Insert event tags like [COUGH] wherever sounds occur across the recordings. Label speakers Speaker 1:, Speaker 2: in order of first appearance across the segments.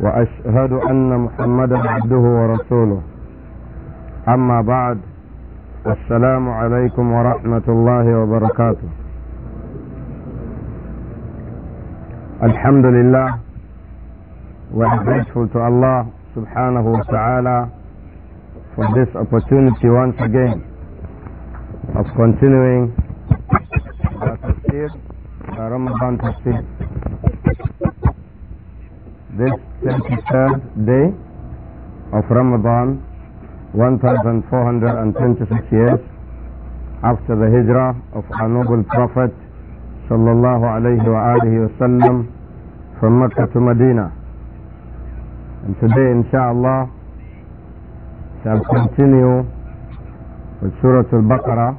Speaker 1: واشهد ان محمدا عبده ورسوله اما بعد السلام عليكم ورحمه الله وبركاته الحمد we are grateful to allah subhanahu wa ta'ala for this opportunity once again of continuing our tafsir the ramadan tafsir this 23rd day of Ramadan 1426 years after the hijrah of our noble prophet sallallahu alayhi wa alihi wasallam from Mecca to Medina and today inshallah shall continue with Surah Al-Baqarah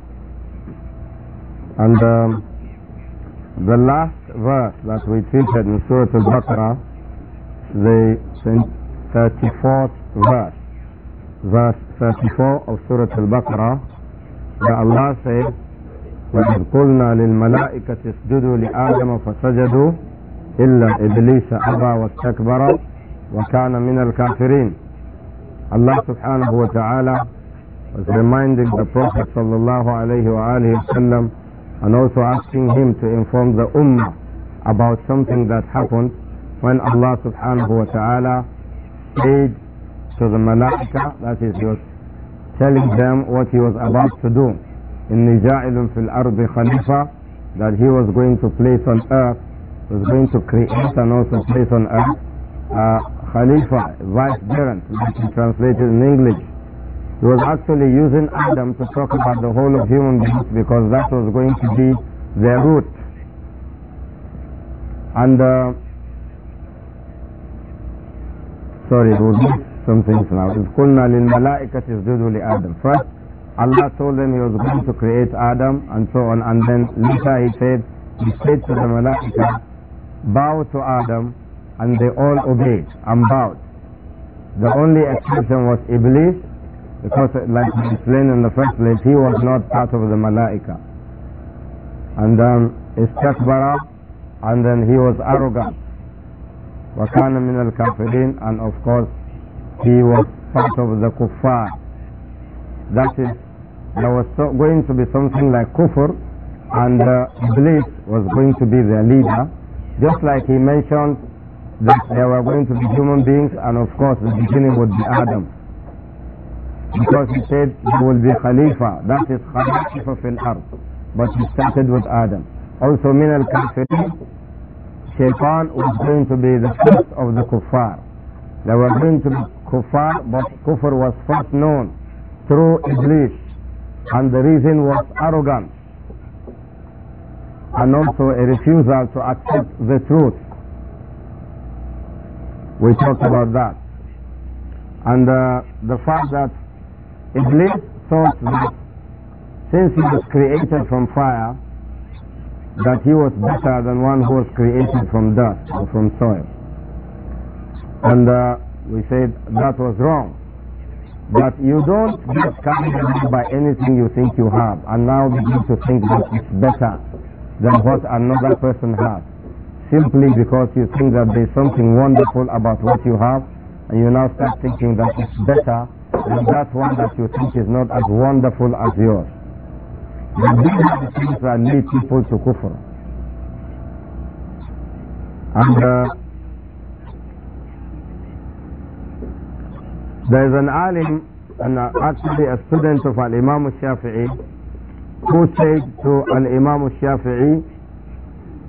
Speaker 1: and um, the last verse that we treated in Surah Al-Baqarah the 34th verse, verse 34 of Surah Al-Baqarah, where Allah says, وَإِذْ قُلْنَا لِلْمَلَائِكَةِ اسْجُدُوا لِآدَمَ فَسَجَدُوا إِلَّا إِبْلِيسَ أَبَى وَاسْتَكْبَرَ وَكَانَ مِنَ الْكَافِرِينَ Allah subhanahu wa ta'ala was reminding the Prophet sallallahu alayhi wa alayhi wasallam and also asking him to inform the Ummah about something that happened when Allah subhanahu wa ta'ala said to the malaika, that is, he was telling them what he was about to do. In Nija'ilun fil ardi khalifa, that he was going to place on earth, was going to create and also place on earth, uh, khalifa, vicegerent, which is translated in English. He was actually using Adam to talk about the whole of human beings because that was going to be their root. And uh, Sorry, things now. be something now. إذ قلنا للملائكة اسجدوا لآدم. First, Allah told them he was going to create Adam and so on and then later he said, he said to the Malaika, bow to Adam and they all obeyed and bowed. The only exception was Iblis because like we explained in the first place, he was not part of the Malaika. And then um, Istakbara and then he was arrogant. وَكَانَ مِنَ الْكَافِرِينَ And of course, he was part of the kuffar. That is, there was so going to be something like kufr, and uh, Iblis was going to be their leader. Just like he mentioned that there were going to be human beings, and of course, the beginning would be Adam. Because he said he will be Khalifa, that is Khalifa fil ard. But he started with Adam. Also, min al kafirin shaitan was going to be the first of the kuffar. They were going to be kuffar, but kufr was first known through Iblis. And the reason was arrogance and also a refusal to accept the truth. We talked about that. And uh, the fact that Iblis thought that since he was created from fire, that he was better than one who was created from dust or from soil. And uh, we said that was wrong. But you don't get carried away by anything you think you have and now begin to think that it's better than what another person has simply because you think that there's something wonderful about what you have, and you now start thinking that it's better than that one that you think is not as wonderful as yours. But these are the things that And uh, there is an alim, and uh, actually a student of Al-Imam shafii who said to Al-Imam shafii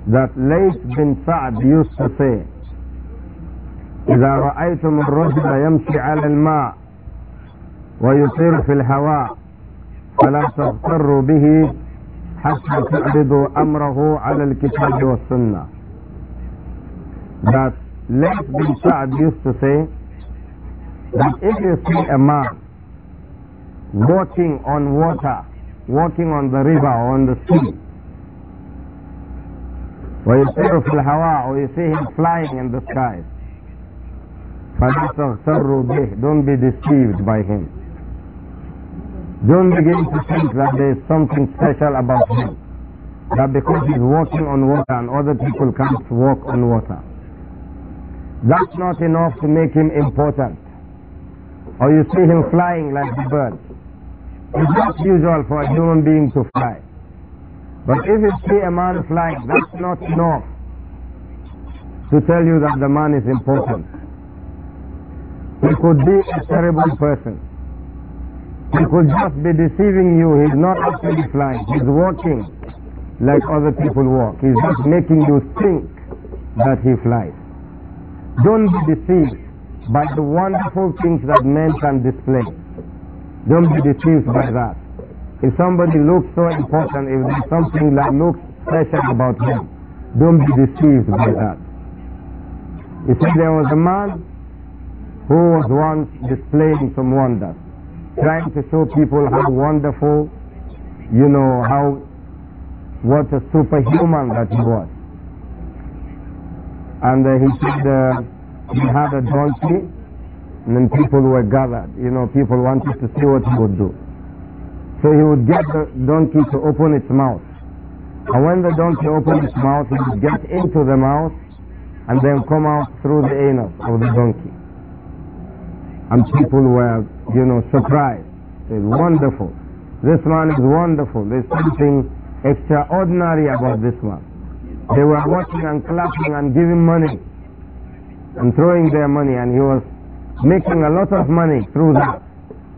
Speaker 1: that Layth bin Sa'd used to say, إذا رأيتم الرجل يمشي على الماء ويصير في الهواء فلا تغتروا به حتى تعرضوا أمره على الكتاب that Lat bin Sa'd used to say that if you see a man walking on water, walking on the river or on the sea, or you see him flying in the sky, don't be deceived by him don't begin to think that there is something special about him. That because he's walking on water and other people can't walk on water. That's not enough to make him important. Or you see him flying like a bird. It's not usual for a human being to fly. But if you see a man flying, that's not enough to tell you that the man is important. He could be a terrible person. He could just be deceiving you. He's not actually flying. He's walking like other people walk. He's just making you think that he flies. Don't be deceived by the wonderful things that men can display. Don't be deceived by that. If somebody looks so important, if there's something that looks special about him, don't be deceived by that. You see, there was a man who was once displaying some wonders trying to show people how wonderful, you know, how what a superhuman that he was. And uh, he said uh, he had a donkey, and then people were gathered. You know, people wanted to see what he would do. So he would get the donkey to open its mouth. And when the donkey opened its mouth, he would get into the mouth and then come out through the anus of the donkey. And people were you know, surprised. It's wonderful. This man is wonderful. There's something extraordinary about this man. They were watching and clapping and giving money and throwing their money, and he was making a lot of money through that.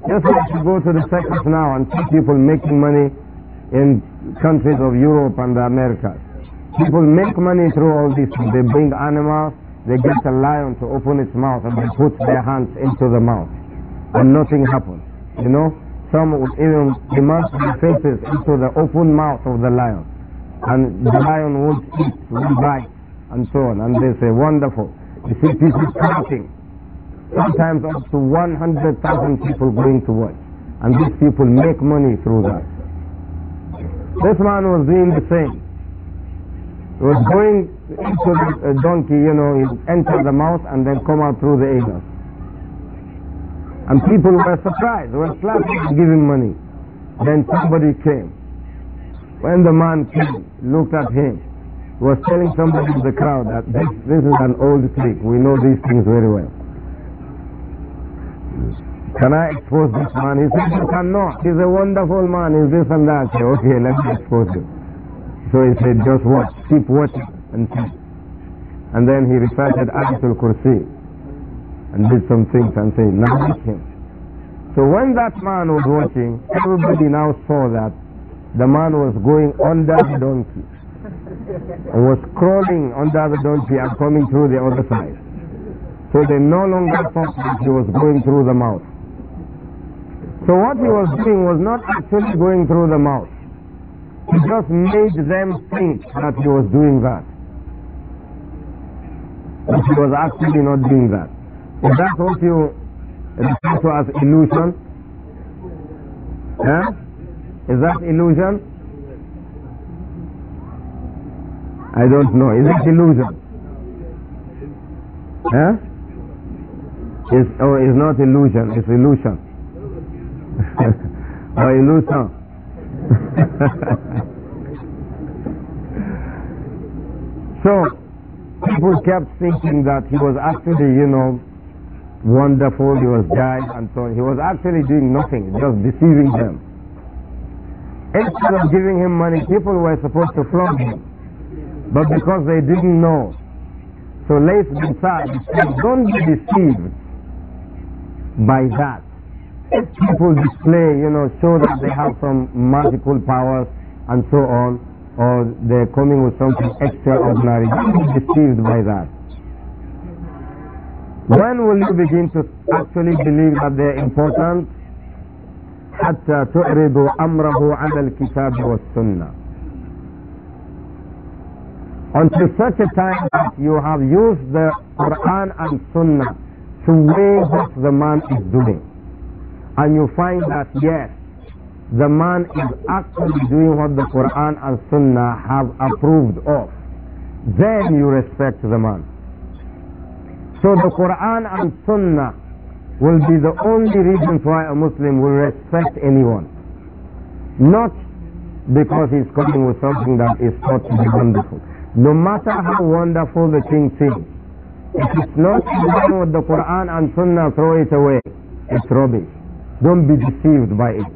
Speaker 1: Just like you go to the circus now and see people making money in countries of Europe and the Americas. People make money through all this. They bring animals, they get a lion to open its mouth and they put their hands into the mouth and nothing happened. You know, some would even demand their faces into the open mouth of the lion, and the lion would eat, would bite, and so on. And they say, wonderful. You see is counting, sometimes up to 100,000 people going to watch, and these people make money through that. This man was doing the same. He was going into the donkey, you know, he entered the mouth and then come out through the anus. And people were surprised, were clapping and giving money. Then somebody came. When the man came, looked at him, was telling somebody in the crowd that this, this is an old trick. We know these things very well. Can I expose this man? He said, You cannot. He's a wonderful man. He's this and that. Said, okay, let me expose him. So he said, Just watch. Keep watching. And, and then he recited Ayatul Kursi and did some things and say, now him. So when that man was watching, everybody now saw that the man was going under the donkey and was crawling under the donkey and coming through the other side. So they no longer thought that he was going through the mouth. So what he was doing was not actually going through the mouth. He just made them think that he was doing that. But he was actually not doing that. Is that what you refer to as illusion? Eh? Is that illusion?
Speaker 2: I don't know. Is it illusion?
Speaker 1: Huh? Eh? Is or oh, is not illusion? It's illusion. [LAUGHS] or oh, illusion. [LAUGHS] so people kept thinking that he was actually, you know, wonderful, he was dying, and so on. He was actually doing nothing, just deceiving them. Instead of giving him money, people were supposed to flog him. But because they didn't know, so Lays bin sa said, don't be deceived by that. If people display, you know, show that they have some magical powers and so on, or they're coming with something extraordinary, don't be deceived by that. When will you begin to actually believe that they are important? حتى تعرضوا أمره على الكتاب والسنة until such a time that you have used the Quran and Sunnah to weigh what the man is doing. And you find that yes, the man is actually doing what the Quran and Sunnah have approved of. Then you respect the man. So the Quran and Sunnah will be the only reason why a Muslim will respect anyone. Not because he's coming with something that is thought to be wonderful. No matter how wonderful the thing seems, if it's not in line with the Quran and Sunnah, throw it away. It's rubbish. Don't be deceived by it.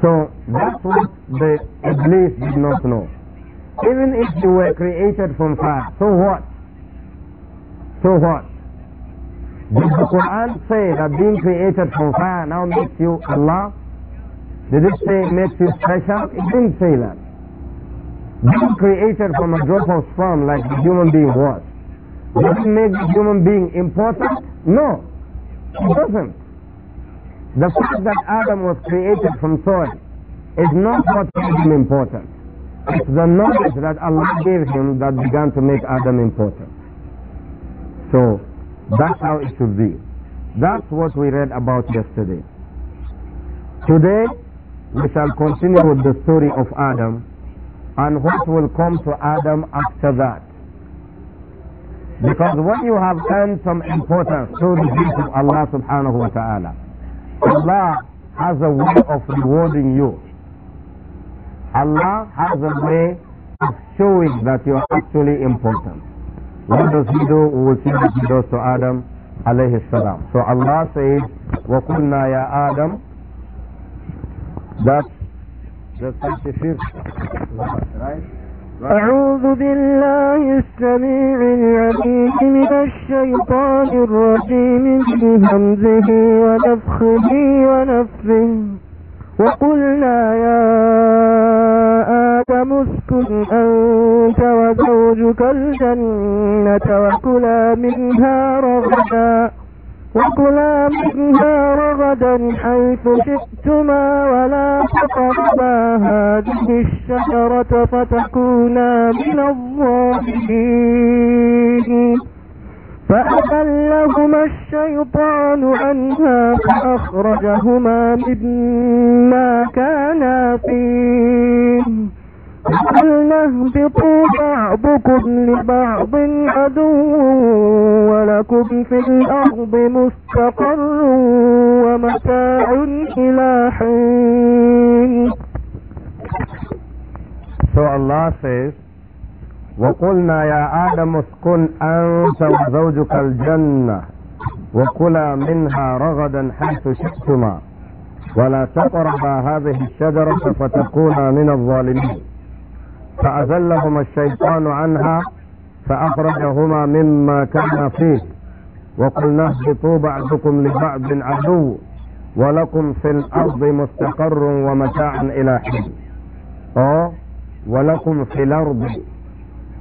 Speaker 1: So that's what the Iblis did not know. Even if you were created from fire, so what? So what? Did the Quran say that being created from fire now makes you Allah? Did it say it makes you special? It didn't say that. Being created from a drop of sperm like the human being was, does it make the human being important? No, it doesn't. The fact that Adam was created from soil is not what made him important. It's the knowledge that Allah gave him that began to make Adam important. So that's how it should be. That's what we read about yesterday. Today, we shall continue with the story of Adam and what will come to Adam after that. Because when you have earned some importance through the of Allah subhanahu wa ta'ala, Allah has a way of rewarding you. Allah has a way of showing that you are actually important. What does he do? We will see what he does to Adam alayhi salam. So Allah says, kunna ya Adam. That's the 35th right?
Speaker 3: أعوذ بالله السميع العليم من الشيطان الرجيم بهمزه همزه ونفخه ونفه وقلنا يا آدم اسكن أنت وزوجك الجنة وكلا منها رغدا وكلا منها رغدا حيث شئتما ولا تقربا هذه الشجرة فتكونا من الظالمين فأخلهما الشيطان عنها فأخرجهما مما كانا فيه قلنا اهبطوا بعضكم لبعض عدو ولكم في الأرض مستقر ومتاع إلى
Speaker 1: حين So Allah says وقلنا يا آدم اسكن أنت وزوجك الجنة وكلا منها رغدا حيث شئتما ولا تقربا هذه الشجرة فتكونا من الظالمين فأزلهما الشيطان عنها فأخرجهما مما كان فيه وقلنا اهبطوا بعضكم لبعض عدو ولكم في الأرض مستقر ومتاع إلى حين أو ولكم في الأرض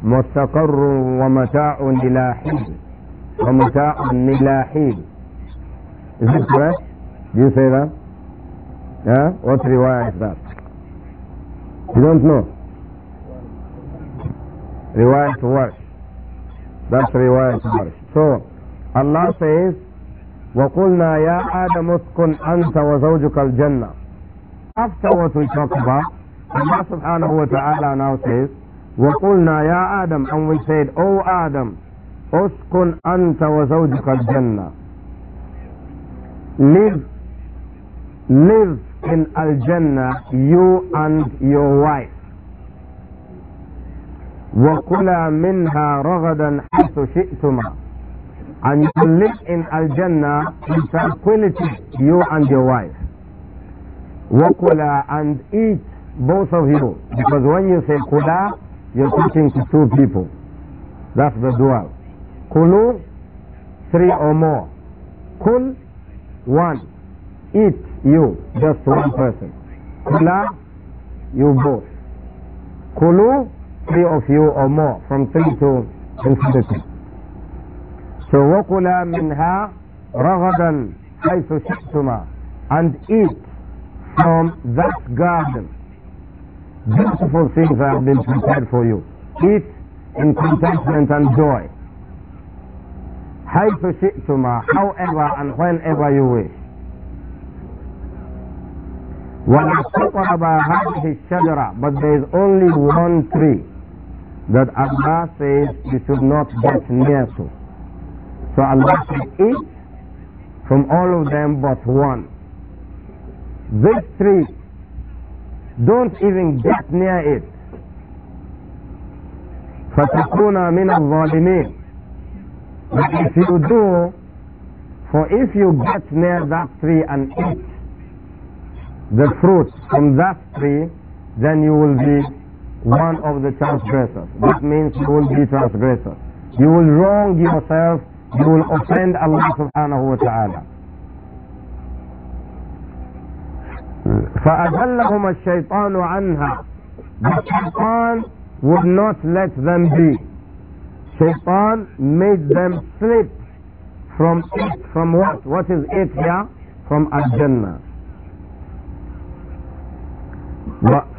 Speaker 1: مستقر ومتاع إلى حين ومتاع إلى حين Is it correct? Do you say that? Yeah? What's What riwayah is that? You don't know? Rewind to work. That's rewind to work. So, Allah says, وَقُلْنَا يَا آدَمُ اسْكُنْ أَنْتَ وَزَوْجُكَ الْجَنَّةِ After what we talked about, Allah subhanahu wa ta'ala now says, وَقُلْنَا يَا Adam And we said, O Adam, اسْكُنْ أَنْتَ وَزَوْجُكَ الْجَنَّةِ Live, live in Al-Jannah, you and your wife. وكلا منها رغدا حيث شئتما and you live in Al-Jannah in tranquility, you and your wife. Wakula and eat, both of you. Because when you say kula, you're talking to two people. That's the dual. Kulu, three or more. Kul, one. Eat, you, just one person. Kula, you both. Kulu, three of you or more, from three to infinity. So وَكُلَا مِنْهَا رَغَدًا حَيْثُ شِئْتُمَا And eat from that garden. Beautiful things have been prepared for you. Eat in contentment and joy. حَيْثُ شِئْتُمَا However and whenever you wish. وَلَا تَقْرَبَا هَذِهِ الشَّجَرَةِ But there is only one tree that Allah says you should not get near to. So Allah said, eat from all of them but one. These three, don't even get near it. فَتَكُونَ مِنَ الظَّالِمِينَ But if you do, for if you get near that tree and eat the fruit from that tree, then you will be one of the transgressors. That means you will be transgressor. You will wrong yourself, you will offend Allah subhanahu wa ta'ala. فأذلهم الشيطان عنها The shaitan would not let them be. Shaitan made them slip from it, from what? What is it here? From Al-Jannah.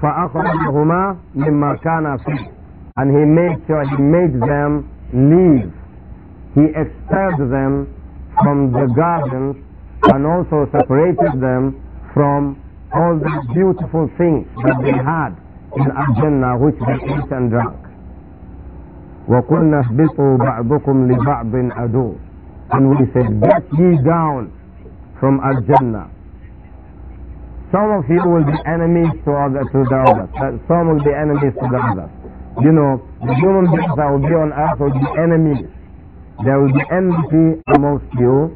Speaker 1: فأخرجهما مما كان فيه and he made sure he made them leave he expelled them from the gardens and also separated them from all the beautiful things that they had in Al-Jannah which they ate and drank وَقُلْنَا اهْبِطُوا بَعْضُكُمْ لِبَعْضٍ عَدُوٍّ and we said get ye down from al some of you will be enemies to, other, to the others. Some will be enemies to the others. You know, the human beings that will be on earth will be enemies. There will be enmity amongst you.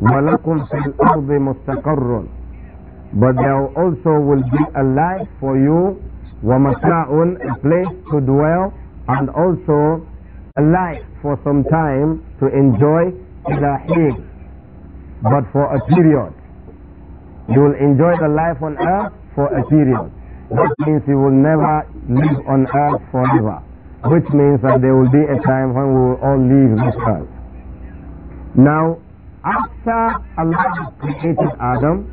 Speaker 1: وَلَكُمْ فِي الْأَرْضِ مُسْتَقَرٌ But there also will be a life for you وَمَسْنَعٌ A place to dwell and also a life for some time to enjoy إِلَى حِينٍ But for a period. You will enjoy the life on earth for a period. That means you will never live on earth forever, which means that there will be a time when we will all leave this earth. Now, after Allah created Adam,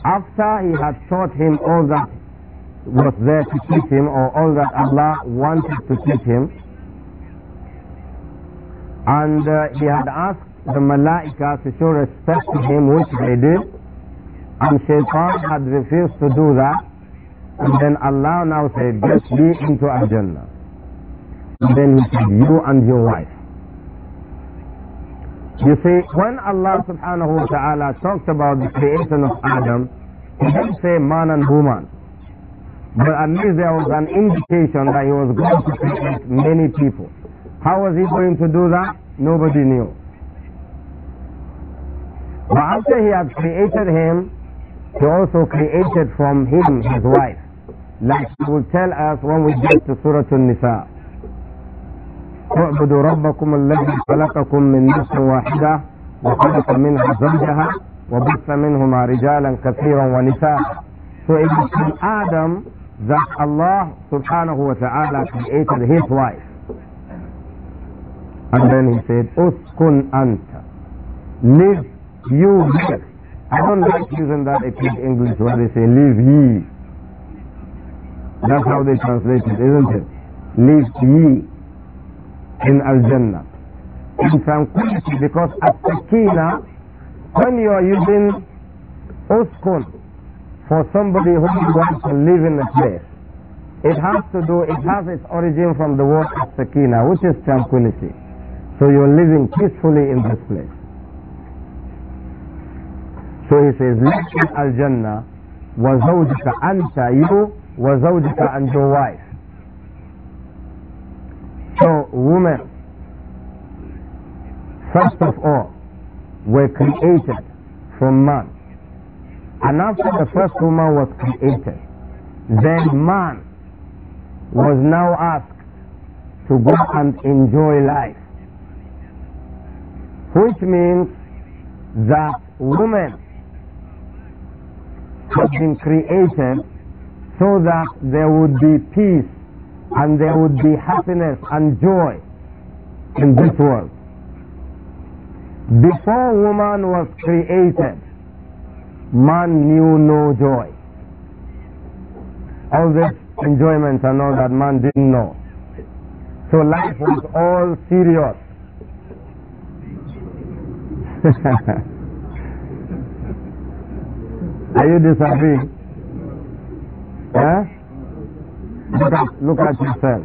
Speaker 1: after He had taught him all that was there to teach him, or all that Allah wanted to teach him, and uh, He had asked the Malaika to show respect to him, which they did, and Shaitan had refused to do that. And then Allah now said, get me into Al-Jannah. And then he said, you and your wife. You see, when Allah subhanahu wa ta'ala talked about the creation of Adam, he didn't say man and woman. But at least there was an indication that he was going to create many people. How was he going to do that? Nobody knew. But after he had created him, he also created from him his wife, like he will tell us when we get to Surah al nisa اعبدوا ربكم الذي خلقكم من نفس واحدة وخلق منها زوجها وبث منهما رجالا كثيرا ونساء. So it is from Adam that Allah subhanahu wa ta'ala created his wife. And then he said, Uskun anta. Live you live. I don't like using that epic English where they say, Live ye. That's how they translate it, isn't it? Live ye in Al Jannah. In tranquility, because at Sakina, when you are using uskun for somebody who wants to live in a place, it has to do, it has its origin from the word Sakina, which is tranquility. So you're living peacefully in this place. So he says, Let in Al Jannah wa zawjika anta you wa zawjika and your wife. So women, first of all, were created from man. And after the first woman was created, then man was now asked to go and enjoy life. Which means that women had been created so that there would be peace and there would be happiness and joy in this world. Before woman was created, man knew no joy. All this enjoyment and all that man didn't know. So life was all serious. [LAUGHS] Are you disagreeing? Yeah. Look at, look at yourself.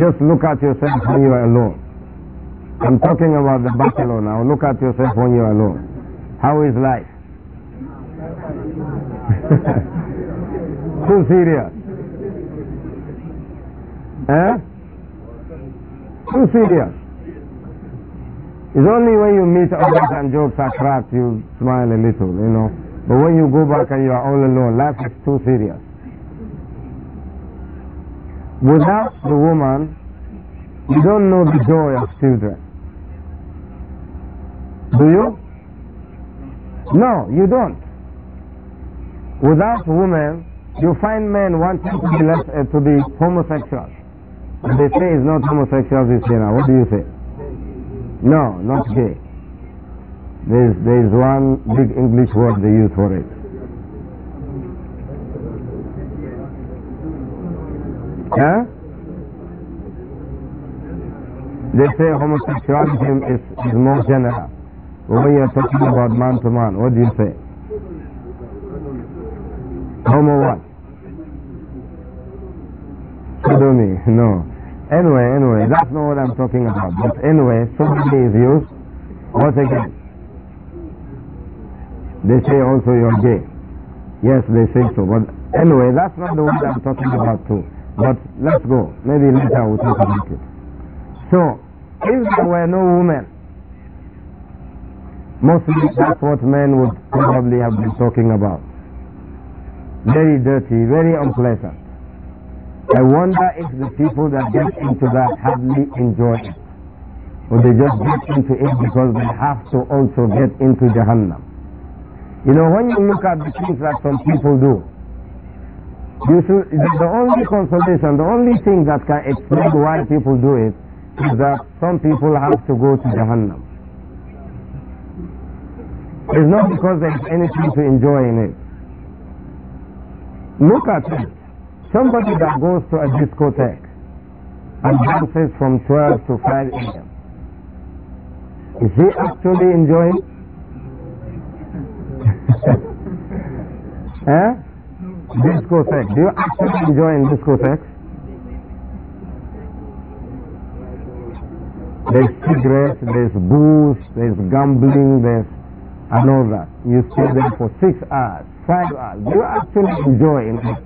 Speaker 1: Just look at yourself when you are alone. I'm talking about the buffalo now. Look at yourself when you're alone. How is life? [LAUGHS] Too serious. Eh? Too serious. It's only when you meet others and jokes attract you smile a little, you know. But when you go back and you are all alone, life is too serious. Without the woman, you don't know the joy of children. Do you? No, you don't. Without women, you find men wanting to be, less, uh, to be homosexual. They say it's not homosexual, it's dinner. What do you say? No, not gay. There is, there is one big English word they use for it. Huh? They say homosexuality is, is more general. When you're talking about man to man, what do you say? Homo what? Sodomy, [LAUGHS] no. Anyway, anyway, that's not what I'm talking about. But anyway, sodomy is used. What again? They say also you're gay. Yes, they say so. But anyway, that's not the one I'm talking about too. But let's go. Maybe later we'll talk about it. So, if there were no women, mostly that's what men would probably have been talking about. Very dirty, very unpleasant. I wonder if the people that get into that hardly enjoy it. Or they just get into it because they have to also get into Jahannam. You know, when you look at the things that some people do, you should, the only consolation, the only thing that can explain why people do it is that some people have to go to Jahannam. It's not because there's anything to enjoy in it. Look at it. Somebody that goes to a discotheque and dances from 12 to 5 a.m. Is he actually enjoying eh? Disco sex. Do you actually enjoy in disco sex? There's cigarettes, there's booze, there's gambling, there's and all that. You stay there for six hours, five hours. Do you actually enjoy in it?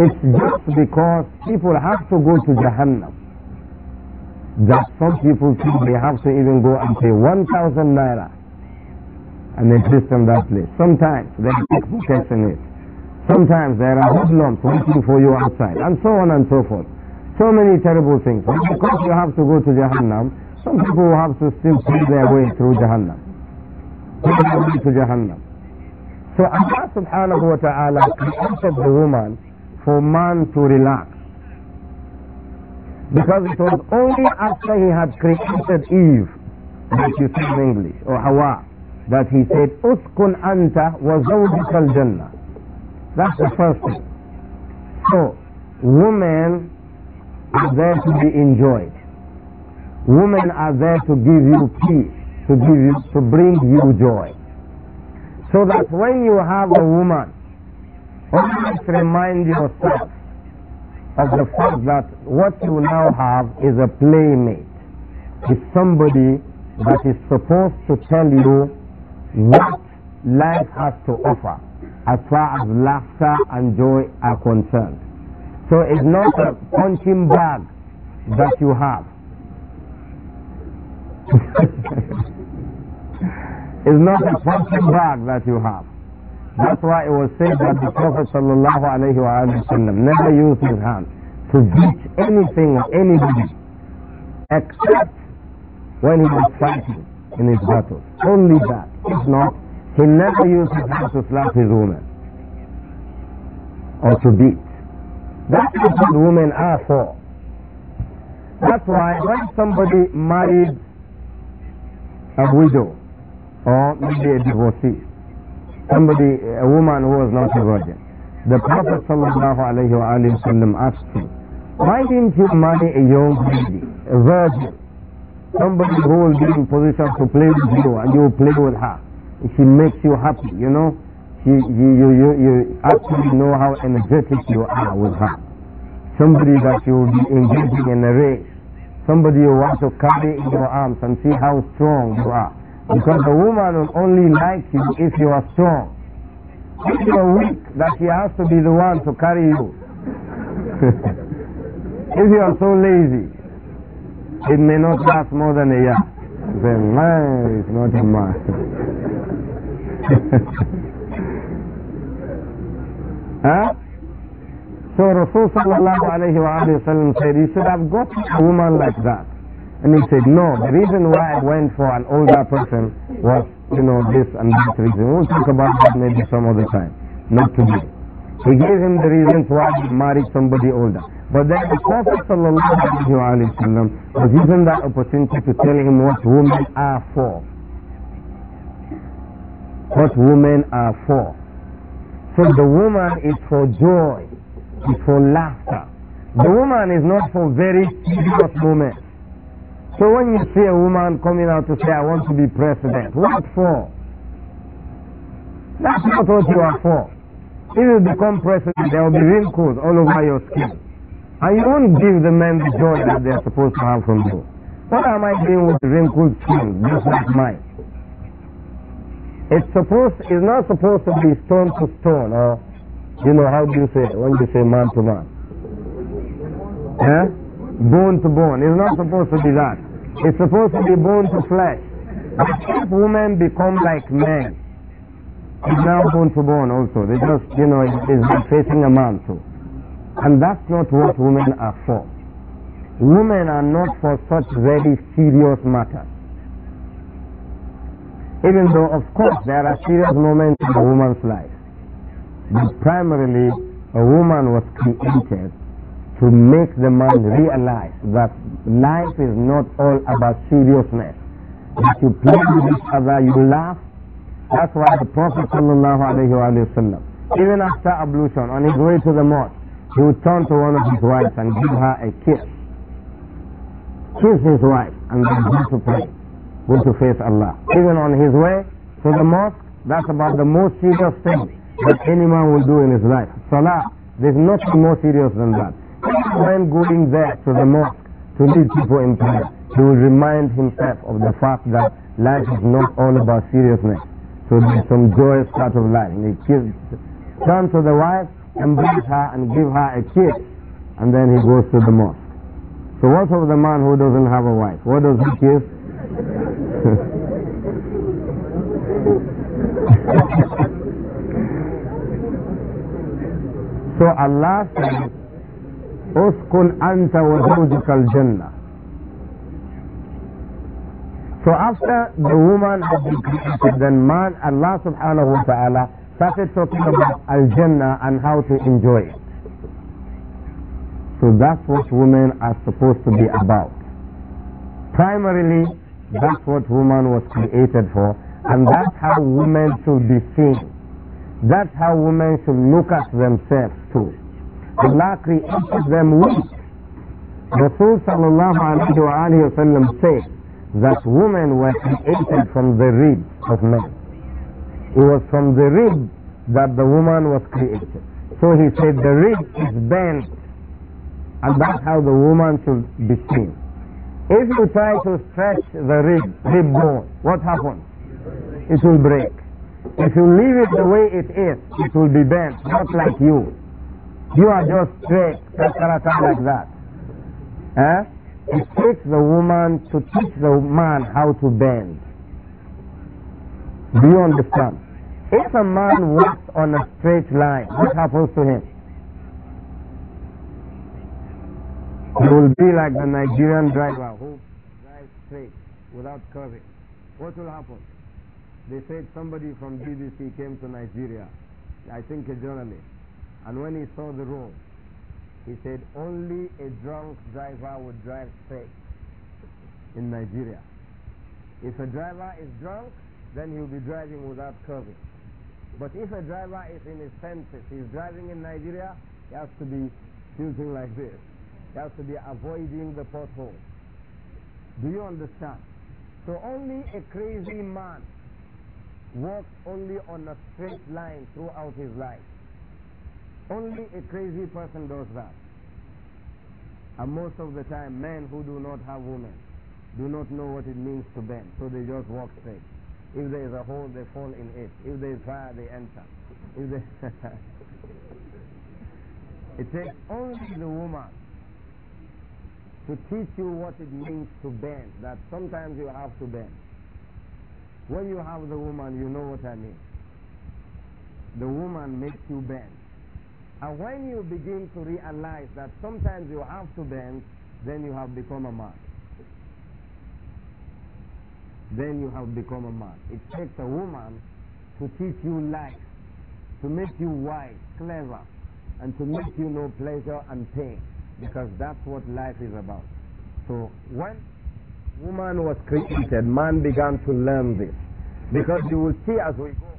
Speaker 1: It's just because people have to go to Jahannam that some people think they have to even go and pay 1,000 naira and they twist from that place. Sometimes they take pickpockets in it. Sometimes there are hoodlums waiting for you outside, and so on and so forth. So many terrible things. Of course, you have to go to Jahannam, some people have to still see their way through Jahannam. way to Jahannam. So Allah subhanahu wa ta'ala created the woman for man to relax. Because it was only after he had created Eve that you see in English, or Hawa, that he said, Uskun anta wa zawjikal jannah. That's the first thing. So, women are there to be enjoyed. Women are there to give you peace, to give you, to bring you joy. So that when you have a woman, always remind yourself of the fact that what you now have is a playmate. It's somebody that is supposed to tell you what life has to offer as far as laughter and joy are concerned. So it's not a punching bag that you have. [LAUGHS] it's not a punching bag that you have. That's why it was said that the Prophet sallallahu wasallam never used his hand to beat anything or anybody except when he was fighting in his battles. Only that not. he never uses his hand to slap his woman or to beat. That's what women are for. That's why when somebody married a widow or maybe a divorcee, somebody, a woman who was not a virgin, the Prophet asked him, why didn't you marry a young lady, a virgin? Somebody who will be in position to play with you and you play with her. She makes you happy, you know. She, you, you, you, you actually know how energetic you are with her. Somebody that you will be engaging in a race. Somebody you want to carry in your arms and see how strong you are. Because a woman will only like you if you are strong. If you are weak, that she has to be the one to carry you. [LAUGHS] if you are so lazy, it may not last more than a year. Then, hey, it's not a must. huh? So Rasulullah sallallahu said, said, i have got a woman like that. And he said, no, the reason why I went for an older person was, you know, this and that reason. We'll talk about that maybe some other time, not today. He gave him the reasons why he married somebody older. But then the Prophet وسلم was given that opportunity to tell him what women are for. What women are for. So the woman is for joy, is for laughter. The woman is not for very serious moments. So when you see a woman coming out to say, I want to be president, what for? That's not what you are for. If you become president, there will be wrinkles all over your skin and you won't give the men the joy that they are supposed to have from you. What am I doing with wrinkled skin just like mine? It's supposed, it's not supposed to be stone to stone, or you know how do you say when you say man to man, Yeah? Bone to bone. It's not supposed to be that. It's supposed to be bone to flesh. But if women become like men, it's now bone to bone also. They just, you know, it's, are facing a man too. And that's not what women are for. Women are not for such very serious matters. Even though, of course, there are serious moments in a woman's life. But primarily, a woman was created to make the man realize that life is not all about seriousness. That you play with each other, you laugh. That's why the Prophet ﷺ, even after ablution, on his way to the mosque, he would turn to one of his wives and give her a kiss. Kiss his wife and then go to pray, go to face Allah. Even on his way to the mosque, that's about the most serious thing that any man will do in his life. Salah, there's nothing more serious than that. When going there to the mosque to lead people in prayer, he will remind himself of the fact that life is not all about seriousness. So there's some joyous part of life. And he kills, turn to the wife embrace her and give her a kiss, and then he goes to the mosque. So what of the man who doesn't have a wife? What does he kiss?
Speaker 2: [LAUGHS]
Speaker 1: so Allah says, "Uskun anta wa jannah." So after the woman has been created, then man, Allah subhanahu wa ta'ala started talking about Al Jannah and how to enjoy it. So that's what women are supposed to be about. Primarily, that's what woman was created for, and that's how women should be seen. That's how women should look at themselves too. Allah created them weak. Rasul sallallahu alayhi wa sallam said that women were created from the ribs of men. It was from the rib that the woman was created. So he said the rib is bent and that's how the woman should be seen. If you try to stretch the rib, rib bone, what happens? It will break. If you leave it the way it is, it will be bent, not like you. You are just straight, like that. Eh? It takes the woman to teach the man how to bend. Do you understand? If a man walks on a straight line, what happens to him? He will be like the Nigerian driver who drives straight without curving. What will happen? They said somebody from BBC came to Nigeria, I think a journalist, and when he saw the road, he said only a drunk driver would drive straight in Nigeria. If a driver is drunk, then he'll be driving without curbing. But if a driver is in his senses, he's driving in Nigeria, he has to be tilting like this. He has to be avoiding the pothole. Do you understand? So only a crazy man walks only on a straight line throughout his life. Only a crazy person does that. And most of the time, men who do not have women do not know what it means to bend, so they just walk straight. If there is a hole, they fall in it. If there is fire, they enter. If [LAUGHS] it takes only the woman to teach you what it means to bend, that sometimes you have to bend. When you have the woman, you know what I mean. The woman makes you bend. And when you begin to realize that sometimes you have to bend, then you have become a man then you have become a man. It takes a woman to teach you life, to make you wise, clever, and to make you know pleasure and pain, because that's what life is about. So when woman was created, man began to learn this, because you will see as we go.